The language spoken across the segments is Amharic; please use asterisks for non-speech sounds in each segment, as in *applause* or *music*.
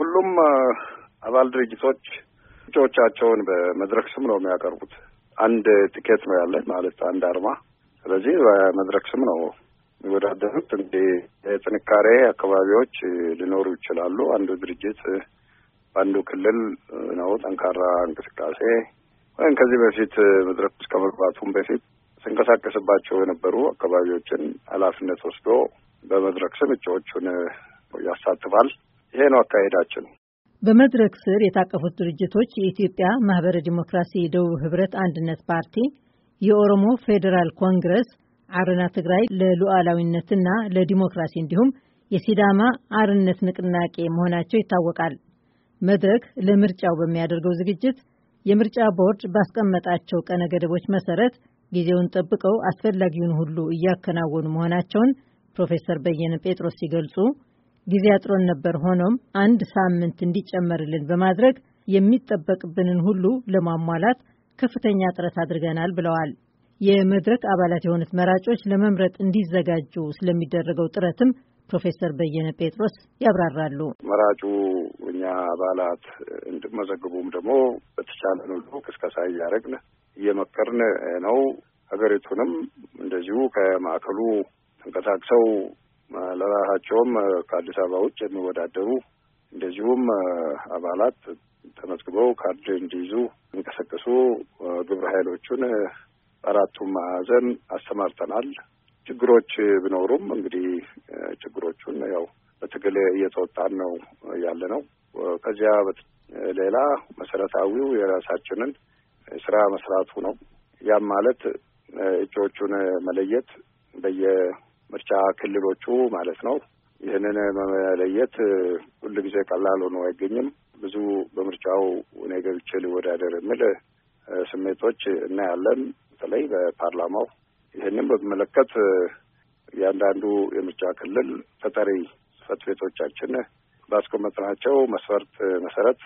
ሁሉም አባል ድርጅቶች እጩዎቻቸውን በመድረክ ስም ነው የሚያቀርቡት። አንድ ቲኬት ነው ያለን ማለት አንድ አርማ። ስለዚህ በመድረክ ስም ነው የሚወዳደሩት። እንግዲህ የጥንካሬ አካባቢዎች ሊኖሩ ይችላሉ። አንዱ ድርጅት በአንዱ ክልል ነው ጠንካራ እንቅስቃሴ ወይም ከዚህ በፊት መድረክ ውስጥ ከመግባቱም በፊት ስንቀሳቀስባቸው የነበሩ አካባቢዎችን ኃላፊነት ወስዶ በመድረክ ስም እጩዎቹን ያሳትፋል። ይሄ ነው አካሄዳችን። በመድረክ ስር የታቀፉት ድርጅቶች የኢትዮጵያ ማህበረ ዲሞክራሲ ደቡብ ህብረት አንድነት ፓርቲ፣ የኦሮሞ ፌዴራል ኮንግረስ፣ አረና ትግራይ ለሉዓላዊነትና ለዲሞክራሲ እንዲሁም የሲዳማ አርነት ንቅናቄ መሆናቸው ይታወቃል። መድረክ ለምርጫው በሚያደርገው ዝግጅት የምርጫ ቦርድ ባስቀመጣቸው ቀነ ገደቦች መሰረት ጊዜውን ጠብቀው አስፈላጊውን ሁሉ እያከናወኑ መሆናቸውን ፕሮፌሰር በየነ ጴጥሮስ ሲገልጹ ጊዜ አጥሮን ነበር። ሆኖም አንድ ሳምንት እንዲጨመርልን በማድረግ የሚጠበቅብንን ሁሉ ለማሟላት ከፍተኛ ጥረት አድርገናል ብለዋል። የመድረክ አባላት የሆኑት መራጮች ለመምረጥ እንዲዘጋጁ ስለሚደረገው ጥረትም ፕሮፌሰር በየነ ጴጥሮስ ያብራራሉ። መራጩ እኛ አባላት እንድመዘግቡም ደግሞ በተቻለን ሁሉ ቅስቀሳ እያደረግን እየመከርን ነው። ሀገሪቱንም እንደዚሁ ከማዕከሉ ተንቀሳቅሰው ለራሳቸውም ከአዲስ አበባ ውጭ የሚወዳደሩ እንደዚሁም አባላት ተመዝግበው ካርድ እንዲይዙ እንቀሰቀሱ ግብረ ኃይሎቹን አራቱ ማዕዘን አሰማርተናል። ችግሮች ቢኖሩም እንግዲህ ችግሮቹን ያው በትግል እየተወጣን ነው ያለ ነው። ከዚያ ሌላ መሰረታዊው የራሳችንን ስራ መስራቱ ነው። ያም ማለት እጩዎቹን መለየት በየ ምርጫ ክልሎቹ ማለት ነው። ይህንን መለየት ሁል ጊዜ ቀላል ሆኖ አይገኝም። ብዙ በምርጫው እኔ ገብቼ ሊወዳደር የሚል ስሜቶች እናያለን። በተለይ በፓርላማው ይህንም በመለከት እያንዳንዱ የምርጫ ክልል ተጠሪ ጽፈት ቤቶቻችን ባስቀመጥናቸው መስፈርት መሰረት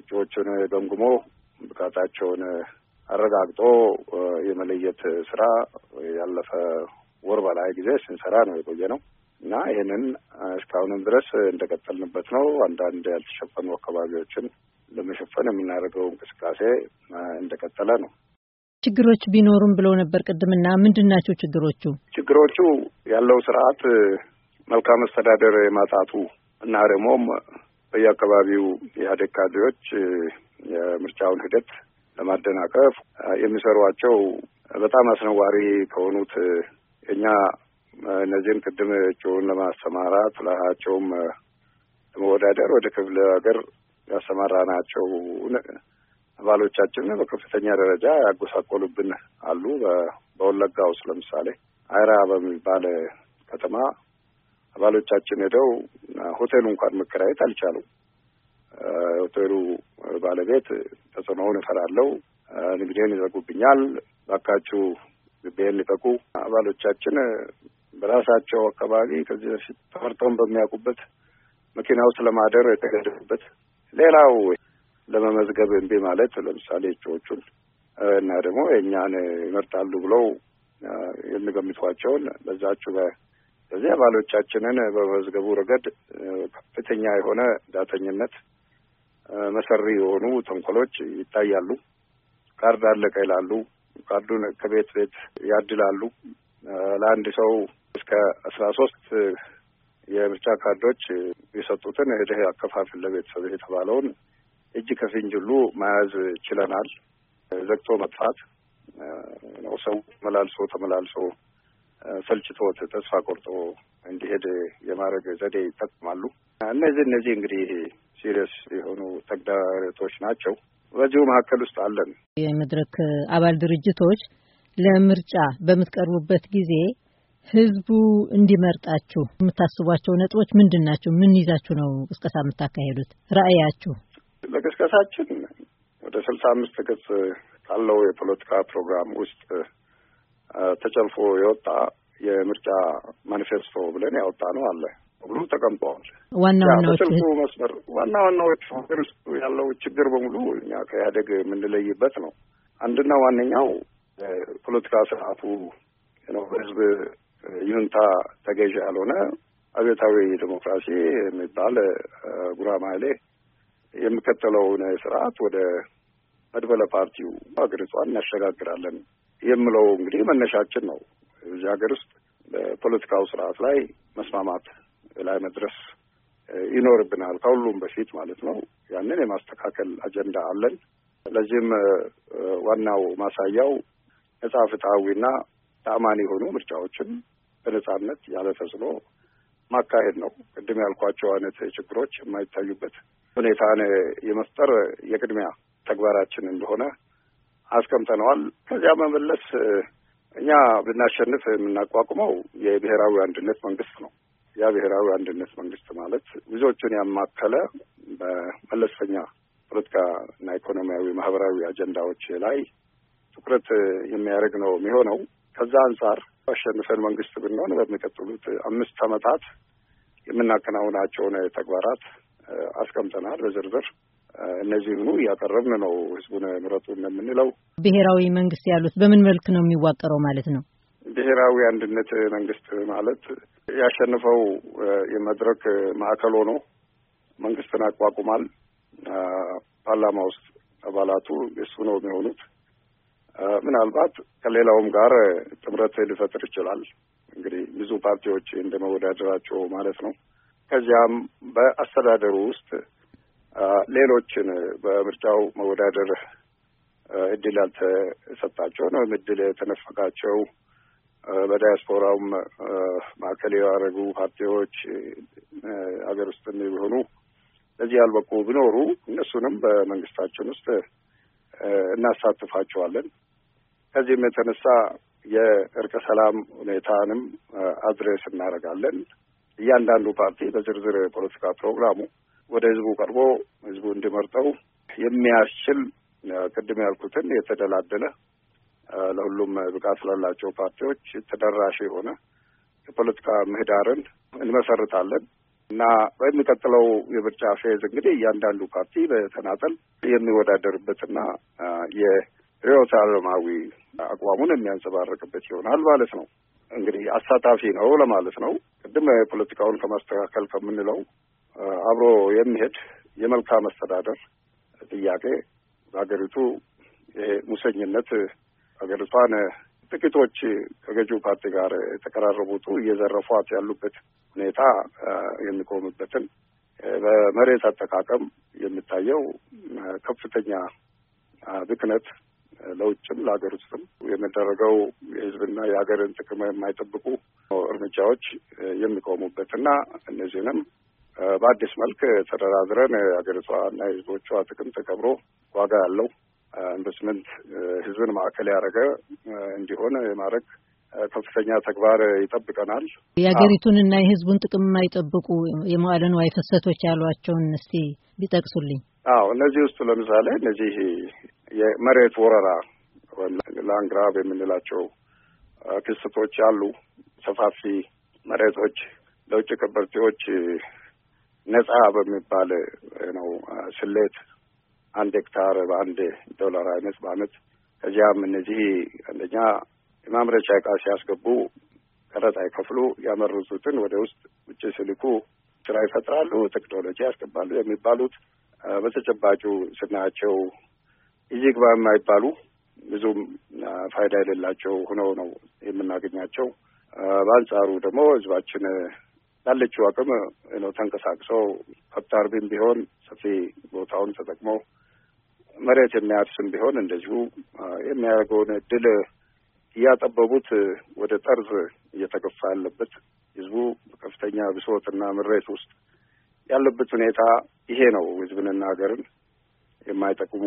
እጩዎቹን ገምግሞ ብቃታቸውን አረጋግጦ የመለየት ስራ ያለፈ ወር በላይ ጊዜ ስንሰራ ነው የቆየ ነው እና ይህንን እስካሁንም ድረስ እንደቀጠልንበት ነው። አንዳንድ ያልተሸፈኑ አካባቢዎችን ለመሸፈን የምናደርገው እንቅስቃሴ እንደቀጠለ ነው። ችግሮች ቢኖሩም ብለው ነበር ቅድምና፣ ምንድን ናቸው ችግሮቹ? ችግሮቹ ያለው ስርዓት መልካም አስተዳደር የማጣቱ እና ደግሞም በየአካባቢው የኢህአዴግ ካድሬዎች የምርጫውን ሂደት ለማደናቀፍ የሚሰሯቸው በጣም አስነዋሪ ከሆኑት እኛ እነዚህም ቅድም ለማሰማራት ለሀቸውም ለመወዳደር ወደ ክፍለ ሀገር ያሰማራናቸው አባሎቻችን በከፍተኛ ደረጃ ያጎሳቆሉብን አሉ። በወለጋ ውስጥ ለምሳሌ አይራ በሚባል ከተማ አባሎቻችን ሄደው ሆቴሉ እንኳን መከራየት አልቻሉም። ሆቴሉ ባለቤት ተጽዕኖውን እፈራለሁ፣ ንግዴን ይዘጉብኛል፣ ባካችሁ ግቢያ ሊበቁ አባሎቻችን በራሳቸው አካባቢ ከዚህ በፊት ተመርጠውን በሚያውቁበት መኪና ውስጥ ለማደር የተገደዱበት ሌላው ለመመዝገብ እንቢ ማለት ለምሳሌ እጩዎቹን እና ደግሞ የእኛን ይመርጣሉ ብለው የሚገምቷቸውን በዛችሁ በዚህ አባሎቻችንን በመዝገቡ ረገድ ከፍተኛ የሆነ ዳተኝነት፣ መሰሪ የሆኑ ተንኮሎች ይታያሉ። ካርድ አለቀ ይላሉ። ካርዱን ከቤት ቤት ያድላሉ። ለአንድ ሰው እስከ አስራ ሶስት የምርጫ ካርዶች የሰጡትን ሄደህ አከፋፍል ለቤተሰብ የተባለውን እጅ ከፍንጅ ሁሉ መያዝ ችለናል። ዘግቶ መጥፋት ነው። ሰው ተመላልሶ ተመላልሶ ሰልችቶት ተስፋ ቆርጦ እንዲሄድ የማድረግ ዘዴ ይጠቅማሉ። እነዚህ እነዚህ እንግዲህ ሲሪየስ የሆኑ ተግዳሮቶች ናቸው። በዚሁ መካከል ውስጥ አለን። የመድረክ አባል ድርጅቶች ለምርጫ በምትቀርቡበት ጊዜ ህዝቡ እንዲመርጣችሁ የምታስቧቸው ነጥቦች ምንድን ናቸው? ምን ይዛችሁ ነው ቅስቀሳ የምታካሄዱት? ራዕያችሁ? ለቅስቀሳችን ወደ ስልሳ አምስት ገጽ ካለው የፖለቲካ ፕሮግራም ውስጥ ተጨልፎ የወጣ የምርጫ ማኒፌስቶ ብለን ያወጣ ነው አለ ሁሉ ተቀምጠዋል። ዋና ዋናዎቹ መስመር ዋና ዋናዎቹ ሀገር ውስጥ ያለው ችግር በሙሉ እኛ ከኢህአደግ የምንለይበት ነው። አንድና ዋነኛው ፖለቲካ ስርዓቱ ነው። ህዝብ ይሁንታ ተገዥ ያልሆነ አብዮታዊ ዲሞክራሲ የሚባል ጉራማይሌ የሚከተለውን ስርዓት ወደ መድበለ ፓርቲው ሀገሪቷን እናሸጋግራለን የምለው እንግዲህ መነሻችን ነው። እዚህ ሀገር ውስጥ በፖለቲካው ስርዓት ላይ መስማማት ላይ መድረስ ይኖርብናል፣ ከሁሉም በፊት ማለት ነው። ያንን የማስተካከል አጀንዳ አለን። ለዚህም ዋናው ማሳያው ነጻ ፍትሐዊና ተአማኒ የሆኑ ምርጫዎችን በነጻነት ያለ ተጽዕኖ ማካሄድ ነው። ቅድም ያልኳቸው አይነት ችግሮች የማይታዩበት ሁኔታን የመፍጠር የቅድሚያ ተግባራችን እንደሆነ አስቀምጠነዋል። ከዚያ መመለስ እኛ ብናሸንፍ የምናቋቁመው የብሔራዊ አንድነት መንግስት ነው። ያ ብሔራዊ አንድነት መንግስት ማለት ብዙዎቹን ያማከለ በመለስተኛ ፖለቲካና ኢኮኖሚያዊ፣ ማህበራዊ አጀንዳዎች ላይ ትኩረት የሚያደርግ ነው የሚሆነው። ከዛ አንጻር አሸንፈን መንግስት ብንሆን በሚቀጥሉት አምስት ዓመታት የምናከናውናቸውን ተግባራት አስቀምጠናል በዝርዝር። እነዚህኑ እያቀረብን ነው ህዝቡን ምረጡ የምንለው። ብሔራዊ መንግስት ያሉት በምን መልክ ነው የሚዋቀረው ማለት ነው? ብሔራዊ አንድነት መንግስት ማለት ያሸንፈው የመድረክ ማዕከል ሆኖ መንግስትን አቋቁማል። ፓርላማ ውስጥ አባላቱ የሱ ነው የሚሆኑት። ምናልባት ከሌላውም ጋር ጥምረት ሊፈጥር ይችላል። እንግዲህ ብዙ ፓርቲዎች እንደመወዳደራቸው ማለት ነው። ከዚያም በአስተዳደሩ ውስጥ ሌሎችን በምርጫው መወዳደር እድል ያልተሰጣቸው ነው እድል የተነፈቃቸው በዳያስፖራውም ማዕከል ያደረጉ ፓርቲዎች ሀገር ውስጥ የሚሆኑ ለዚህ ያልበቁ ቢኖሩ እነሱንም በመንግስታችን ውስጥ እናሳትፋቸዋለን። ከዚህም የተነሳ የእርቀ ሰላም ሁኔታንም አድሬስ እናደርጋለን። እያንዳንዱ ፓርቲ በዝርዝር የፖለቲካ ፕሮግራሙ ወደ ህዝቡ ቀርቦ ህዝቡ እንዲመርጠው የሚያስችል ቅድም ያልኩትን የተደላደለ ለሁሉም ብቃት ስላላቸው ፓርቲዎች ተደራሽ የሆነ የፖለቲካ ምህዳርን እንመሰርታለን እና በሚቀጥለው የምርጫ ፌዝ እንግዲህ እያንዳንዱ ፓርቲ በተናጠል የሚወዳደርበትና የርዕዮተ ዓለማዊ አቋሙን የሚያንጸባርቅበት ይሆናል ማለት ነው። እንግዲህ አሳታፊ ነው ለማለት ነው። ቅድም ፖለቲካውን ከማስተካከል ከምንለው አብሮ የሚሄድ የመልካም አስተዳደር ጥያቄ በሀገሪቱ ሙሰኝነት ሀገሪቷን ጥቂቶች ከገዢው ፓርቲ ጋር የተቀራረቡቱ እየዘረፏት ያሉበት ሁኔታ የሚቆምበትን በመሬት አጠቃቀም የሚታየው ከፍተኛ ብክነት ለውጭም ለሀገር ውስጥም የሚደረገው የህዝብና የሀገርን ጥቅም የማይጠብቁ እርምጃዎች የሚቆሙበት እነዚህንም በአዲስ መልክ ተደራድረን ሀገሪቷና የህዝቦቿ ጥቅም ተከብሮ ዋጋ ያለው ኢንቨስትመንት ህዝብን ማዕከል ያደረገ እንዲሆን የማድረግ ከፍተኛ ተግባር ይጠብቀናል። የሀገሪቱን እና የህዝቡን ጥቅም የማይጠብቁ የመዋለ ንዋይ ፍሰቶች ያሏቸውን እስቲ ቢጠቅሱልኝ። አዎ እነዚህ ውስጥ ለምሳሌ እነዚህ የመሬት ወረራ ወይም የምንላቸው ክስቶች አሉ። ሰፋፊ መሬቶች ለውጭ ከበርቴዎች ነጻ በሚባል ነው ስሌት አንድ ሄክታር በአንድ ዶላር አይነት በአመት ከዚያም እነዚህ አንደኛ የማምረቻ እቃ ሲያስገቡ ቀረጥ አይከፍሉ፣ ያመረቱትን ወደ ውስጥ ውጭ ስልኩ ስራ ይፈጥራሉ፣ ቴክኖሎጂ ያስገባሉ የሚባሉት በተጨባጩ ስናያቸው እዚህ ግባ የማይባሉ ብዙም ፋይዳ የሌላቸው ሆነው ነው የምናገኛቸው። በአንጻሩ ደግሞ ህዝባችን ላለችው አቅም ነው ተንቀሳቅሰው ከብት ቢሆን ሰፊ ቦታውን ተጠቅመው መሬት የሚያርስም ቢሆን እንደዚሁ የሚያደርገውን እድል እያጠበቡት ወደ ጠርዝ እየተገፋ ያለበት ህዝቡ በከፍተኛ ብሶትና ምሬት ውስጥ ያለበት ሁኔታ ይሄ ነው። ህዝብንና ሀገርን የማይጠቅሙ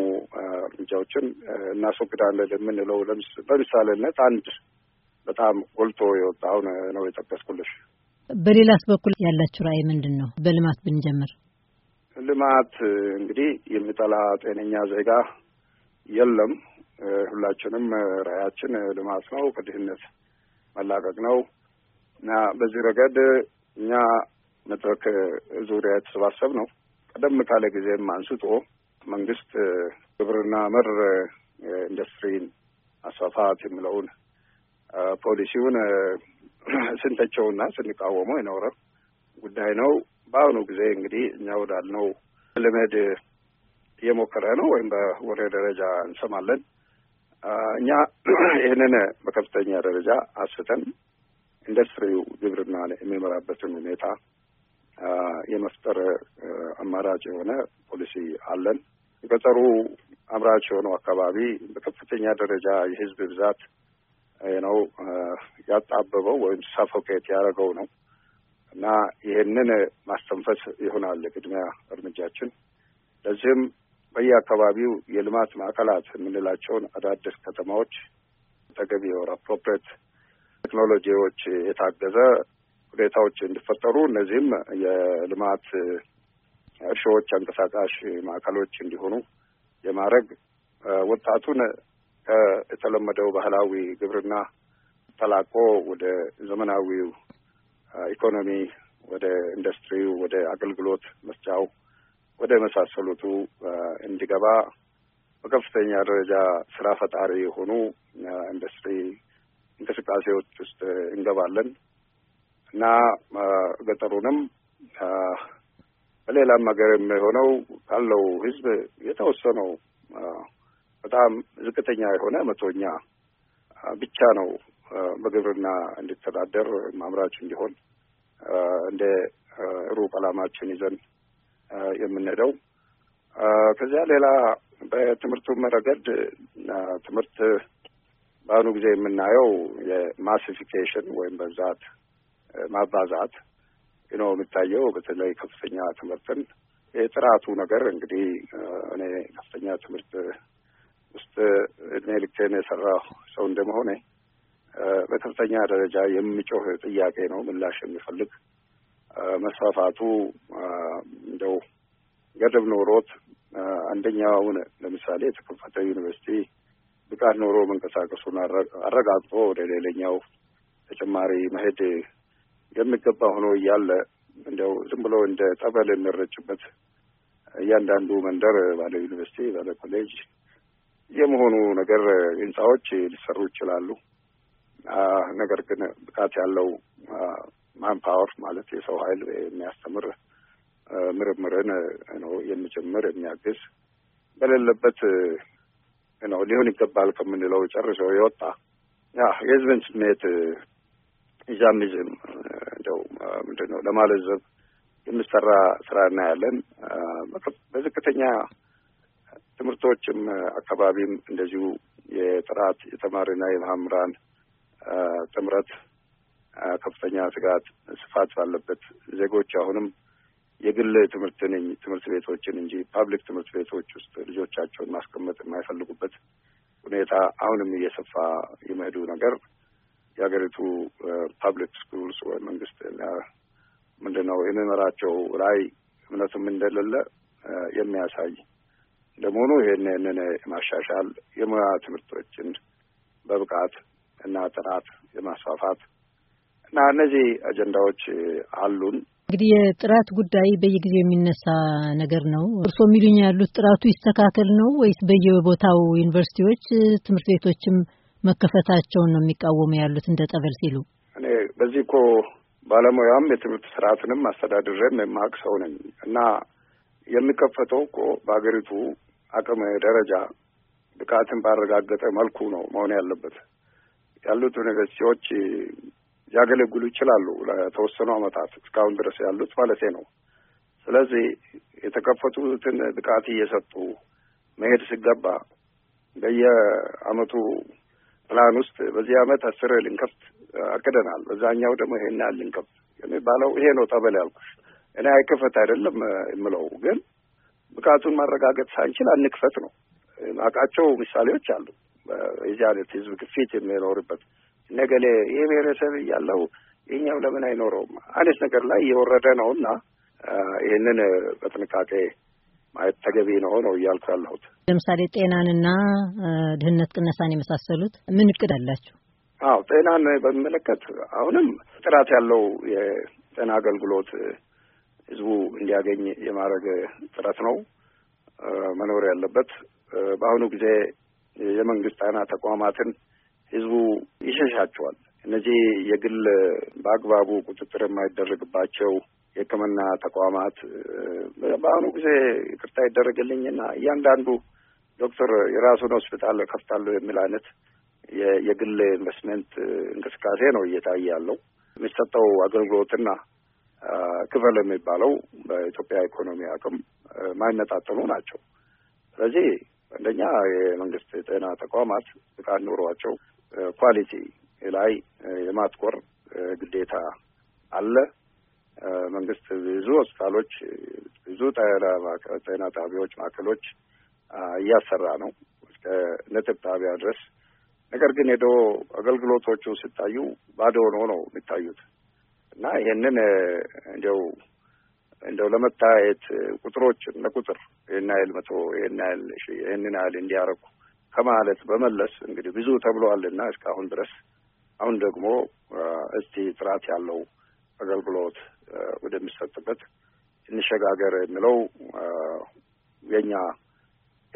እርምጃዎችን እናስወግዳለን የምንለው በምሳሌነት አንድ በጣም ጎልቶ የወጣውን ነው የጠቀስኩልሽ። በሌላስ በኩል ያላችሁ ራዕይ ምንድን ነው? በልማት ብንጀምር ልማት እንግዲህ የሚጠላ ጤነኛ ዜጋ የለም። ሁላችንም ራዕያችን ልማት ነው፣ ከድህነት መላቀቅ ነው እና በዚህ ረገድ እኛ መድረክ ዙሪያ የተሰባሰብ ነው። ቀደም ካለ ጊዜም አንስቶ መንግስት ግብርና መር ኢንዱስትሪን ማስፋፋት የሚለውን ፖሊሲውን ስንተቸውና ስንቃወመው የኖረ ጉዳይ ነው። በአሁኑ ጊዜ እንግዲህ እኛ ወዳልነው ልመድ እየሞከረ ነው ወይም በወሬ ደረጃ እንሰማለን። እኛ *clears throat* ይህንን በከፍተኛ ደረጃ አስተን ኢንዱስትሪው ግብርና የሚመራበትን ሁኔታ የመፍጠር አማራጭ የሆነ ፖሊሲ አለን። የገጠሩ አምራች የሆነው አካባቢ በከፍተኛ ደረጃ የህዝብ ብዛት ነው ያጣበበው ወይም ሳፎኬት ያደረገው ነው። እና ይህንን ማስተንፈስ ይሆናል ቅድሚያ እርምጃችን። ለዚህም በየአካባቢው የልማት ማዕከላት የምንላቸውን አዳዲስ ከተማዎች ተገቢ የወር አፕሮፕሬት ቴክኖሎጂዎች የታገዘ ሁኔታዎች እንዲፈጠሩ እነዚህም የልማት እርሾዎች አንቀሳቃሽ ማዕከሎች እንዲሆኑ የማድረግ ወጣቱን ከተለመደው ባህላዊ ግብርና ተላቆ ወደ ዘመናዊው ኢኮኖሚ፣ ወደ ኢንዱስትሪው፣ ወደ አገልግሎት መስጫው፣ ወደ መሳሰሉቱ እንዲገባ በከፍተኛ ደረጃ ስራ ፈጣሪ የሆኑ ኢንዱስትሪ እንቅስቃሴዎች ውስጥ እንገባለን እና ገጠሩንም በሌላም ሀገር የሚሆነው ካለው ህዝብ የተወሰነው በጣም ዝቅተኛ የሆነ መቶኛ ብቻ ነው በግብርና እንዲተዳደር ማምራች እንዲሆን እንደ ሩቅ አላማችን ይዘን የምንሄደው። ከዚያ ሌላ በትምህርቱ መረገድ ትምህርት በአሁኑ ጊዜ የምናየው የማሲፊኬሽን ወይም በብዛት ማባዛት ነው የሚታየው። በተለይ ከፍተኛ ትምህርትን የጥራቱ ነገር እንግዲህ እኔ ከፍተኛ ትምህርት ውስጥ እድሜ ልክቴን የሰራ ሰው እንደመሆኔ በከፍተኛ ደረጃ የሚጮህ ጥያቄ ነው፣ ምላሽ የሚፈልግ መስፋፋቱ እንደው ገደብ ኖሮት አንደኛውን ለምሳሌ የተከፈተ ዩኒቨርሲቲ ብቃት ኖሮ መንቀሳቀሱን አረጋግጦ ወደ ሌላኛው ተጨማሪ መሄድ የሚገባ ሆኖ እያለ እንደው ዝም ብሎ እንደ ጠበል የሚረጭበት እያንዳንዱ መንደር ባለ ዩኒቨርሲቲ ባለ ኮሌጅ የመሆኑ ነገር ህንፃዎች ሊሰሩ ይችላሉ። ነገር ግን ብቃት ያለው ማንፓወር ማለት የሰው ኃይል የሚያስተምር ምርምርን ነው የሚጀምር የሚያግዝ በሌለበት ነው ሊሆን ይገባል ከምንለው ጨርሶ የወጣ ያ የህዝብን ስሜት እዛም ይዝም እንደው ምንድን ነው ለማለዘብ የምሰራ ስራ እናያለን። በዝቅተኛ ትምህርቶችም አካባቢም እንደዚሁ የጥራት የተማሪና የመምህራን ጥምረት ከፍተኛ ስጋት ስፋት ባለበት ዜጎች አሁንም የግል ትምህርትን ትምህርት ቤቶችን እንጂ ፓብሊክ ትምህርት ቤቶች ውስጥ ልጆቻቸውን ማስቀመጥ የማይፈልጉበት ሁኔታ አሁንም እየሰፋ የመሄዱ ነገር የሀገሪቱ ፓብሊክ ስኩልስ ወይ መንግስት ምንድን ነው የሚመራቸው ላይ እምነትም እንደሌለ የሚያሳይ እንደመሆኑ ይህን ይህንን ማሻሻል የሙያ ትምህርቶችን በብቃት እና ጥናት የማስፋፋት እና እነዚህ አጀንዳዎች አሉን። እንግዲህ የጥራት ጉዳይ በየጊዜው የሚነሳ ነገር ነው። እርስዎ የሚሉኝ ያሉት ጥራቱ ይስተካከል ነው ወይስ በየቦታው ዩኒቨርሲቲዎች፣ ትምህርት ቤቶችም መከፈታቸውን ነው የሚቃወሙ ያሉት እንደ ጠበል ሲሉ? እኔ በዚህ እኮ ባለሙያም የትምህርት ስርዓትንም አስተዳድሬም የማቅ ሰው ነኝ እና የሚከፈተው እኮ በሀገሪቱ አቅም ደረጃ ብቃትን ባረጋገጠ መልኩ ነው መሆን ያለበት። ያሉት ዩኒቨርሲቲዎች ሊያገለግሉ ይችላሉ ለተወሰኑ ዓመታት እስካሁን ድረስ ያሉት ማለት ነው። ስለዚህ የተከፈቱትን ብቃት እየሰጡ መሄድ ሲገባ በየአመቱ ፕላን ውስጥ በዚህ አመት አስር ልንከፍት አቅደናል፣ በዛኛው ደግሞ ይሄን ያህል ልንከፍት የሚባለው ይሄ ነው። ጠበል ያልኩሽ እኔ አይክፈት አይደለም የምለው ግን ብቃቱን ማረጋገጥ ሳንችል አንክፈት ነው። አውቃቸው ምሳሌዎች አሉ። የዚህ አይነት ህዝብ ግፊት የሚኖርበት ነገሌ ይህ ብሔረሰብ እያለው ይህኛው ለምን አይኖረውም አይነት ነገር ላይ እየወረደ ነው እና ይህንን በጥንቃቄ ማየት ተገቢ ነው ነው እያልኩ ያለሁት። ለምሳሌ ጤናንና ድህነት ቅነሳን የመሳሰሉት ምን እቅድ አላቸው? አዎ ጤናን በሚመለከት አሁንም ጥራት ያለው የጤና አገልግሎት ህዝቡ እንዲያገኝ የማድረግ ጥረት ነው መኖር ያለበት። በአሁኑ ጊዜ የመንግስት ጣና ተቋማትን ህዝቡ ይሸሻቸዋል። እነዚህ የግል በአግባቡ ቁጥጥር የማይደረግባቸው የሕክምና ተቋማት በአሁኑ ጊዜ ይቅርታ ይደረግልኝና እያንዳንዱ ዶክተር የራሱን ሆስፒታል ከፍታለሁ የሚል አይነት የግል ኢንቨስትመንት እንቅስቃሴ ነው እየታየ ያለው። የሚሰጠው አገልግሎትና ክፈል የሚባለው በኢትዮጵያ ኢኮኖሚ አቅም ማይነጣጠሉ ናቸው። ስለዚህ አንደኛ የመንግስት የጤና ተቋማት ብቃት ኑሯቸው ኳሊቲ ላይ የማትኮር ግዴታ አለ። መንግስት ብዙ ሆስፒታሎች፣ ብዙ ጤና ጣቢያዎች፣ ማዕከሎች እያሰራ ነው እስከ ነጥብ ጣቢያ ድረስ። ነገር ግን ሄዶ አገልግሎቶቹ ሲታዩ ባዶ ሆኖ ነው የሚታዩት እና ይሄንን እንዲያው እንደው ለመታየት ቁጥሮችን ለቁጥር ይህን ያህል መቶ ይህን ያህል ይህንን ያህል እንዲያረኩ ከማለት በመለስ እንግዲህ ብዙ ተብለዋልና እስካሁን ድረስ አሁን ደግሞ እስቲ ጥራት ያለው አገልግሎት ወደሚሰጥበት እንሸጋገር የሚለው የኛ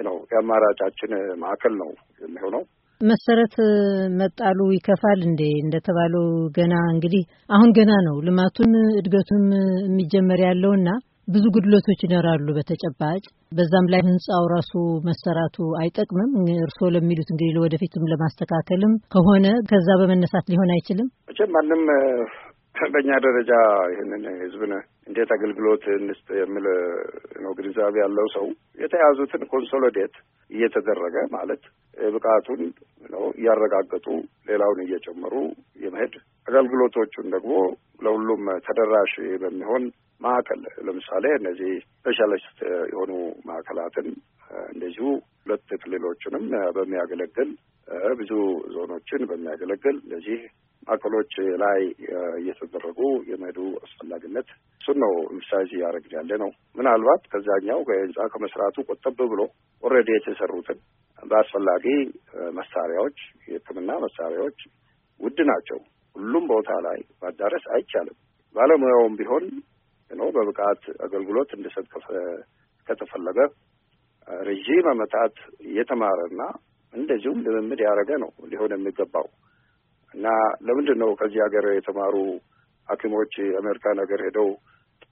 ነው የአማራጫችን ማዕከል ነው የሚሆነው። መሰረት መጣሉ ይከፋል እንዴ? እንደተባለው ገና እንግዲህ አሁን ገና ነው ልማቱም እድገቱም የሚጀመር ያለውና ብዙ ጉድለቶች ይኖራሉ በተጨባጭ በዛም ላይ ህንፃው ራሱ መሰራቱ አይጠቅምም። እርስዎ ለሚሉት እንግዲህ ወደፊትም ለማስተካከልም ከሆነ ከዛ በመነሳት ሊሆን አይችልም። መቼም ማንም በእኛ ደረጃ ይህንን ህዝብን እንዴት አገልግሎት እንስጥ የሚል ነው ግንዛቤ ያለው ሰው የተያዙትን ኮንሶሊዴት እየተደረገ ማለት ብቃቱን ነው እያረጋገጡ ሌላውን እየጨመሩ የመሄድ አገልግሎቶቹን ደግሞ ለሁሉም ተደራሽ በሚሆን ማዕከል ለምሳሌ እነዚህ ስፔሻሊስት የሆኑ ማዕከላትን እንደዚሁ ሁለት ክልሎችንም በሚያገለግል ብዙ ዞኖችን በሚያገለግል እነዚህ ማዕከሎች ላይ እየተደረጉ የመሄዱ አስፈላጊነት እሱን ነው ኢምሳይዝ እያደረግን ያለ ነው። ምናልባት ከዛኛው ከህንፃ ከመስራቱ ቆጠብ ብሎ ኦልሬዲ የተሰሩትን በአስፈላጊ መሳሪያዎች፣ የህክምና መሳሪያዎች ውድ ናቸው። ሁሉም ቦታ ላይ ማዳረስ አይቻልም። ባለሙያውም ቢሆን ነው በብቃት አገልግሎት እንድሰጥ ከተፈለገ ረዥም ዓመታት እየተማረና እንደዚሁም ልምምድ ያደረገ ነው ሊሆን የሚገባው። እና ለምንድን ነው ከዚህ ሀገር የተማሩ ሐኪሞች አሜሪካን ሀገር ሄደው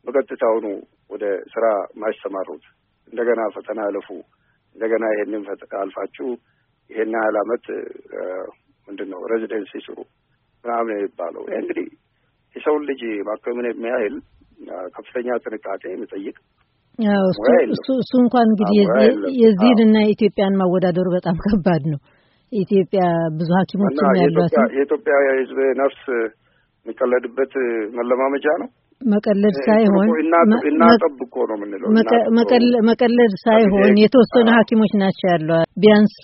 በቀጥታውኑ ወደ ስራ ማይሰማሩት? እንደገና ፈተና ያለፉ እንደገና ይሄንን አልፋችሁ ይሄን ያህል አመት ምንድን ነው ሬዚደንሲ ስሩ ምናምን የሚባለው። ይህ እንግዲህ የሰውን ልጅ ማከምን የሚያህል ከፍተኛ ጥንቃቄ የሚጠይቅ እሱ እንኳን እንግዲህ እና የኢትዮጵያን ማወዳደሩ በጣም ከባድ ነው። ኢትዮጵያ ብዙ ሐኪሞች ያሏት የኢትዮጵያ የሕዝብ ነፍስ የሚቀለድበት መለማመጃ ነው። መቀለድ ሳይሆን እናጠብቆ ነው የምንለው። መቀለድ ሳይሆን የተወሰኑ ሐኪሞች ናቸው ያሏት። ቢያንስ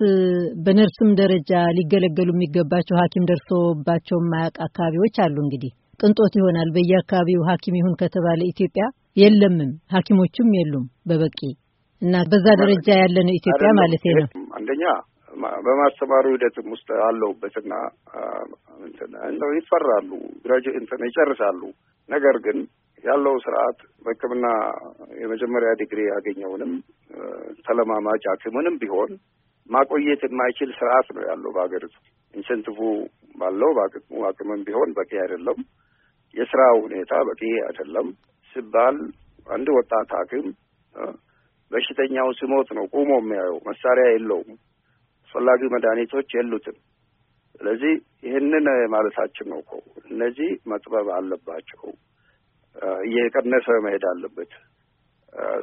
በነርስም ደረጃ ሊገለገሉ የሚገባቸው ሐኪም ደርሶባቸው የማያውቅ አካባቢዎች አሉ። እንግዲህ ቅንጦት ይሆናል። በየአካባቢው ሐኪም ይሁን ከተባለ ኢትዮጵያ የለምም፣ ሐኪሞቹም የሉም በበቂ እና በዛ ደረጃ ያለ ነው ኢትዮጵያ ማለት ነው። አንደኛ በማስተማሩ ሂደትም ውስጥ አለሁበትና እንደው ይፈራሉ እንትን ይጨርሳሉ። ነገር ግን ያለው ስርዓት በሕክምና የመጀመሪያ ዲግሪ ያገኘውንም ተለማማጭ ሐኪምንም ቢሆን ማቆየት የማይችል ስርዓት ነው ያለው በሀገሪቱ። ኢንሴንቲቩ ባለው በአቅሙ ሐኪምም ቢሆን በቂ አይደለም። የስራ ሁኔታ በቂ አይደለም ሲባል አንድ ወጣት ሐኪም በሽተኛው ሲሞት ነው ቁሞ የሚያየው። መሳሪያ የለውም። አስፈላጊ መድኃኒቶች የሉትም። ስለዚህ ይህንን ማለታችን ነው እኮ እነዚህ መጥበብ አለባቸው፣ እየቀነሰ መሄድ አለበት።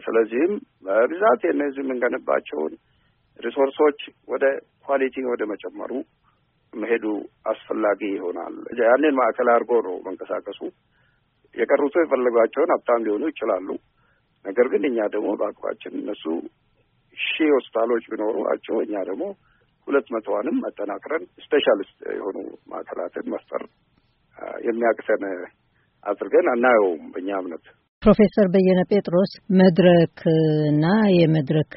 ስለዚህም በብዛት የነዚህ የምንገንባቸውን ሪሶርሶች ወደ ኳሊቲ ወደ መጨመሩ መሄዱ አስፈላጊ ይሆናል። ያንን ማዕከል አድርጎ ነው መንቀሳቀሱ። የቀሩት የፈለጓቸውን ሀብታም ሊሆኑ ይችላሉ። ነገር ግን እኛ ደግሞ በአቅባችን እነሱ ሺህ ሆስፒታሎች አቸው እኛ ደግሞ ሁለት መቶዋንም መጠናክረን ስፔሻሊስት የሆኑ ማዕከላትን መፍጠር የሚያቅተን አድርገን አናየውም በእኛ እምነት። ፕሮፌሰር በየነ ጴጥሮስ መድረክ እና የመድረክ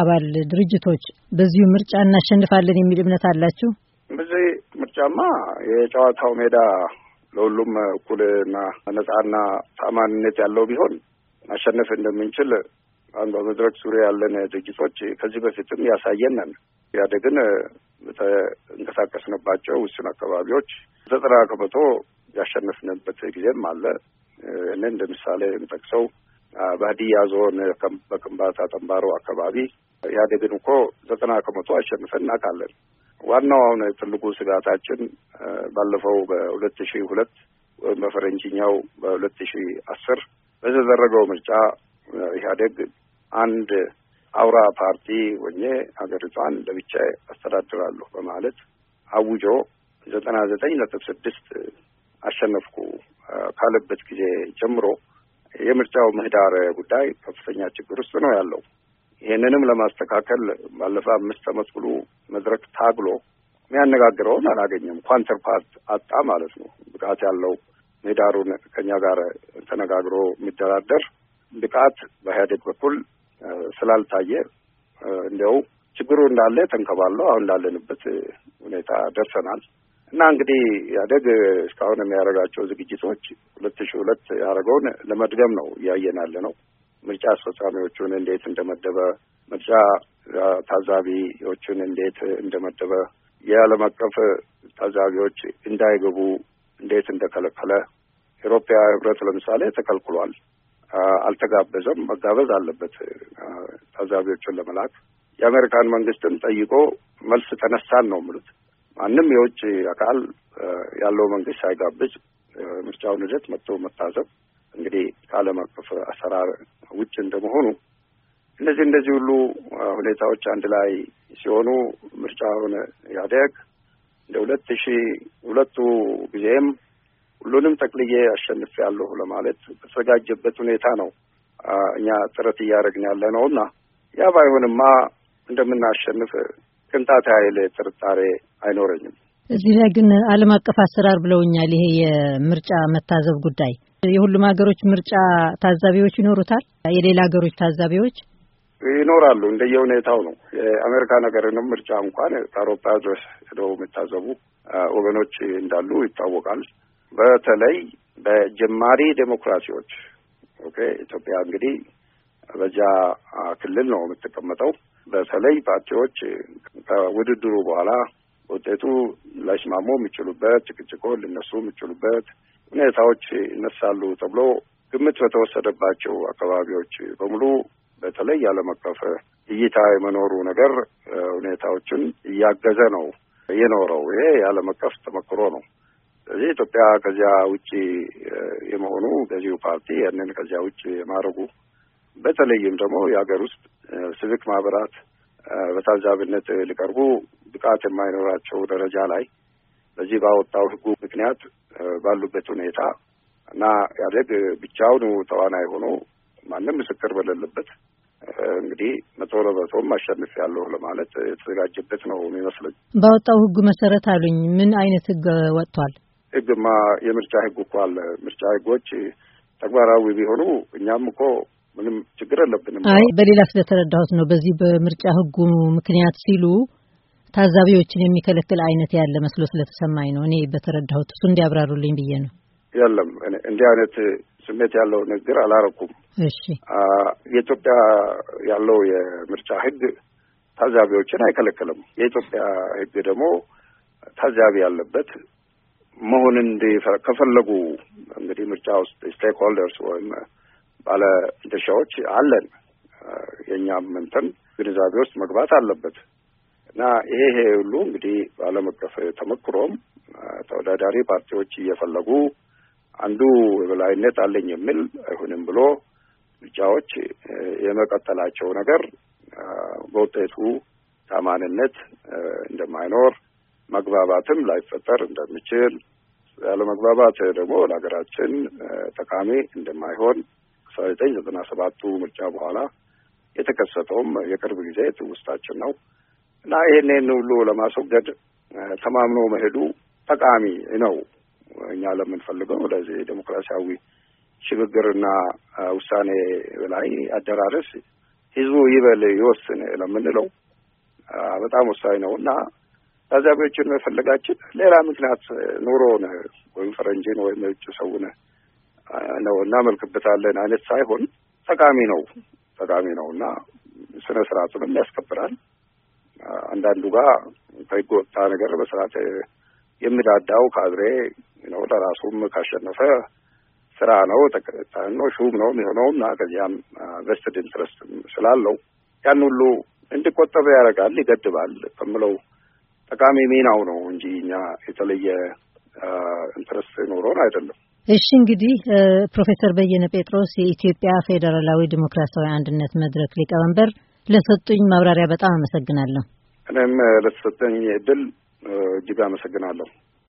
አባል ድርጅቶች በዚሁ ምርጫ እናሸንፋለን የሚል እምነት አላችሁ? በዚህ ምርጫማ የጨዋታው ሜዳ ለሁሉም እኩልና ነጻና ታማኝነት ያለው ቢሆን ማሸነፍ እንደምንችል አሁን በመድረክ ዙሪያ ያለን ድርጅቶች ከዚህ በፊትም ያሳየናል። ኢህአዴግን በተንቀሳቀስንባቸው ውስን አካባቢዎች ዘጠና ከመቶ ያሸነፍንበት ጊዜም አለ። እኔ እንደ ምሳሌ የምጠቅሰው በሀዲያ ዞን በከምባታ ጠንባሮ አካባቢ ኢህአዴግን እኮ ዘጠና ከመቶ አሸንፈን እናውቃለን። ዋናው አሁን ትልቁ ስጋታችን ባለፈው በሁለት ሺ ሁለት ወይም በፈረንጅኛው በሁለት ሺ አስር በተደረገው ምርጫ ኢህአዴግ አንድ አውራ ፓርቲ ሆኜ ሀገሪቷን ለብቻ አስተዳድራለሁ በማለት አውጆ ዘጠና ዘጠኝ ነጥብ ስድስት አሸነፍኩ ካለበት ጊዜ ጀምሮ የምርጫው ምህዳር ጉዳይ ከፍተኛ ችግር ውስጥ ነው ያለው። ይህንንም ለማስተካከል ባለፈ አምስት ዓመት ብሎ መድረክ ታግሎ የሚያነጋግረውን አላገኘም። ኳንተር ፓርት አጣ ማለት ነው። ብቃት ያለው ምህዳሩን ከኛ ጋር ተነጋግሮ የሚደራደር ብቃት በኢህአዴግ በኩል ስላልታየ እንዲያው ችግሩ እንዳለ ተንከባለው አሁን እንዳለንበት ሁኔታ ደርሰናል እና እንግዲህ ያደግ እስካሁን የሚያደርጋቸው ዝግጅቶች ሁለት ሺ ሁለት ያደረገውን ለመድገም ነው እያየን ያለ ነው። ምርጫ አስፈጻሚዎቹን እንዴት እንደመደበ፣ ምርጫ ታዛቢዎቹን እንዴት እንደመደበ፣ የዓለም አቀፍ ታዛቢዎች እንዳይገቡ እንዴት እንደከለከለ፣ ኤሮፓ ህብረት ለምሳሌ ተከልክሏል። አልተጋበዘም። መጋበዝ አለበት ታዛቢዎቹን ለመላክ የአሜሪካን መንግስትን ጠይቆ መልስ ተነሳን ነው የምሉት። ማንም የውጭ አካል ያለው መንግስት ሳይጋብዝ ምርጫውን ሂደት መጥቶ መታዘብ እንግዲህ ከዓለም አቀፍ አሰራር ውጭ እንደመሆኑ እነዚህ እንደዚህ ሁሉ ሁኔታዎች አንድ ላይ ሲሆኑ ምርጫውን ያደግ እንደ ሁለት ሺህ ሁለቱ ጊዜም ሁሉንም ጠቅልዬ አሸንፌያለሁ ለማለት በተዘጋጀበት ሁኔታ ነው እኛ ጥረት እያደረግን ያለ ነው እና ያ ባይሆንማ እንደምናሸንፍ ቅንጣት ያህል ጥርጣሬ አይኖረኝም። እዚህ ላይ ግን ዓለም አቀፍ አሰራር ብለውኛል። ይሄ የምርጫ መታዘብ ጉዳይ የሁሉም ሀገሮች ምርጫ ታዛቢዎች ይኖሩታል። የሌላ ሀገሮች ታዛቢዎች ይኖራሉ። እንደየ ሁኔታው ነው። የአሜሪካ ነገርንም ምርጫ እንኳን ከአውሮፓ ድረስ ሄደው የሚታዘቡ ወገኖች እንዳሉ ይታወቃል። በተለይ በጀማሪ ዴሞክራሲዎች ኦኬ ኢትዮጵያ እንግዲህ በዛ ክልል ነው የምትቀመጠው። በተለይ ፓርቲዎች ከውድድሩ በኋላ ውጤቱ ላይስማሙ የሚችሉበት ጭቅጭቆ ሊነሱ የሚችሉበት ሁኔታዎች ይነሳሉ ተብሎ ግምት በተወሰደባቸው አካባቢዎች በሙሉ በተለይ ዓለም አቀፍ እይታ የመኖሩ ነገር ሁኔታዎችን እያገዘ ነው የኖረው። ይሄ የዓለም አቀፍ ተመክሮ ነው። ስለዚህ ኢትዮጵያ ከዚያ ውጭ የመሆኑ ገዢው ፓርቲ ያንን ከዚያ ውጭ የማድረጉ በተለይም ደግሞ የሀገር ውስጥ ሲቪክ ማህበራት በታዛቢነት ሊቀርቡ ብቃት የማይኖራቸው ደረጃ ላይ በዚህ ባወጣው ህጉ ምክንያት ባሉበት ሁኔታ እና ያደግ ብቻውኑ ተዋናይ ሆኖ ማንም ምስክር በሌለበት እንግዲህ መቶ ለመቶም አሸንፍ ያለሁ ለማለት የተዘጋጀበት ነው የሚመስለኝ። ባወጣው ህጉ መሰረት አሉኝ። ምን አይነት ህግ ወጥቷል? ህግማ የምርጫ ህግ እኮ አለ። ምርጫ ህጎች ተግባራዊ ቢሆኑ እኛም እኮ ምንም ችግር የለብንም። አይ በሌላ ስለተረዳሁት ነው። በዚህ በምርጫ ህጉ ምክንያት ሲሉ ታዛቢዎችን የሚከለክል አይነት ያለ መስሎ ስለተሰማኝ ነው እኔ በተረዳሁት። እሱ እንዲያብራሩልኝ ብዬ ነው። የለም እንዲህ አይነት ስሜት ያለው ንግግር አላረኩም። እሺ የኢትዮጵያ ያለው የምርጫ ህግ ታዛቢዎችን አይከለክልም። የኢትዮጵያ ህግ ደግሞ ታዛቢ ያለበት መሆን እንዲ ከፈለጉ እንግዲህ ምርጫ ውስጥ ስቴክ ሆልደርስ ወይም ባለ ድርሻዎች አለን። የእኛም እንትን ግንዛቤ ውስጥ መግባት አለበት እና ይሄ ይሄ ሁሉ እንግዲህ በዓለም አቀፍ ተመክሮም ተወዳዳሪ ፓርቲዎች እየፈለጉ አንዱ የበላይነት አለኝ የሚል አይሁንም ብሎ ምርጫዎች የመቀጠላቸው ነገር በውጤቱ ታማንነት እንደማይኖር መግባባትም ላይፈጠር እንደሚችል መግባባት ደግሞ ለሀገራችን ጠቃሚ እንደማይሆን አስራ ዘጠኝ ዘጠና ሰባቱ ምርጫ በኋላ የተከሰተውም የቅርብ ጊዜ ትውስታችን ነው እና ይህንን ሁሉ ለማስወገድ ተማምኖ መሄዱ ጠቃሚ ነው። እኛ ለምንፈልገው ለዚህ ዴሞክራሲያዊ ሽግግርና ውሳኔ ላይ አደራረስ ህዝቡ ይበል ይወስን ለምንለው በጣም ወሳኝ ነው እና ታዛቢዎችን መፈለጋችን ሌላ ምክንያት ኑሮ ነ ወይም ፈረንጅን ወይም የውጭ ሰው ነ ነው እናመልክበታለን አይነት ሳይሆን ጠቃሚ ነው ጠቃሚ ነው እና ስነ ስርዓቱንም ያስከብራል። አንዳንዱ ጋር ከህግ ወጣ ነገር በስርዓት የሚዳዳው ካድሬ ነው። ለራሱም ካሸነፈ ስራ ነው ነው ሹም ነው የሚሆነው እና ከዚያም ቨስትድ ኢንትረስት ስላለው ያን ሁሉ እንዲቆጠብ ያደርጋል፣ ይገድባል ከምለው ጠቃሚ ሚናው ነው እንጂ እኛ የተለየ ኢንትረስት ኖሮን አይደለም። እሺ እንግዲህ ፕሮፌሰር በየነ ጴጥሮስ የኢትዮጵያ ፌዴራላዊ ዲሞክራሲያዊ አንድነት መድረክ ሊቀመንበር ለሰጡኝ ማብራሪያ በጣም አመሰግናለሁ። እኔም ለተሰጠኝ እድል እጅግ አመሰግናለሁ።